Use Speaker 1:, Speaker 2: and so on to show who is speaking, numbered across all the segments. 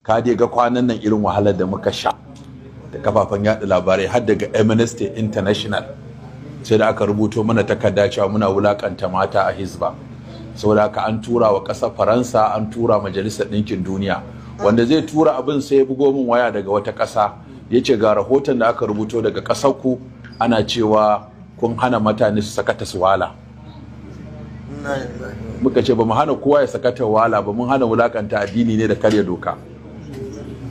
Speaker 1: ka dai ga kwanan nan irin wahalar da muka sha da kafafen yada labarai har daga amnesty international sai da aka rubuto mana takarda cewa muna wulakanta mata a hizba saboda haka an tura wa ƙasar faransa an tura majalisar ɗinkin duniya wanda zai tura abin sai ya bugo min waya daga wata ƙasa ya ce ga rahoton da aka rubuto daga ƙasar ku ana cewa kun hana mutane su sakata su wala muka ce ba mu hana kowa ya sakata wala ba mun hana wulakanta addini ne da karya doka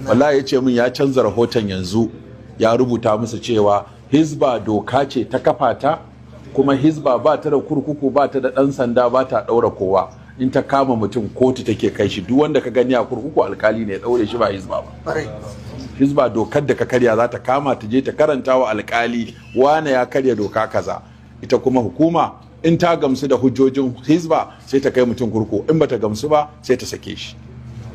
Speaker 1: wallahi ya ce min ya canza rahoton yanzu ya rubuta musu cewa hizba doka ce ta kafa ta kuma hizba ba ta da kurkuku ba ta da dan sanda ba ta daura kowa in ta kama mutum kotu take kai shi duk wanda ka gani a kurkuku alkali ne ya daure shi ba hizba ba hizba dokar da ka karya za ta kama ta je ta karanta wa alkali wane ya karya doka kaza ita kuma hukuma in ta gamsu da hujjojin hizba sai ta kai mutum kurkuku in ba ta gamsu ba sai ta sake shi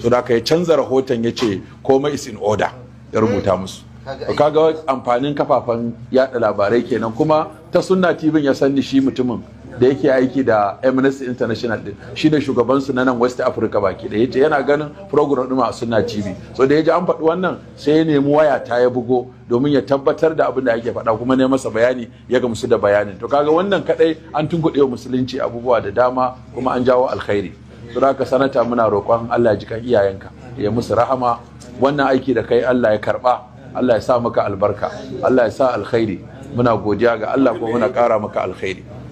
Speaker 1: so da ya canza rahoton ya ce komai is in order ya rubuta hmm. musu kaga amfanin kafafen yada labarai kenan kuma ta sunna tv ya sanni shi mutumin da yake aiki da amnesty international din shine shugaban su na nan west africa baki da yace yana ganin program din a sunna tv so da yaji an faɗi wannan sai ya nemi waya ta ya bugo domin ya tabbatar da abin da ake faɗa kuma ne masa bayani ya gamsu da bayanin to kaga wannan kadai an tunkuɗe musulunci abubuwa da dama kuma an jawo alkhairi don ka sanata muna roƙon Allah ya jikan iyayenka ya musu rahama wannan aiki da kai Allah ya karba Allah ya sa maka albarka Allah ya sa alkhairi muna godiya ga Allah ko muna ƙara maka alkhairi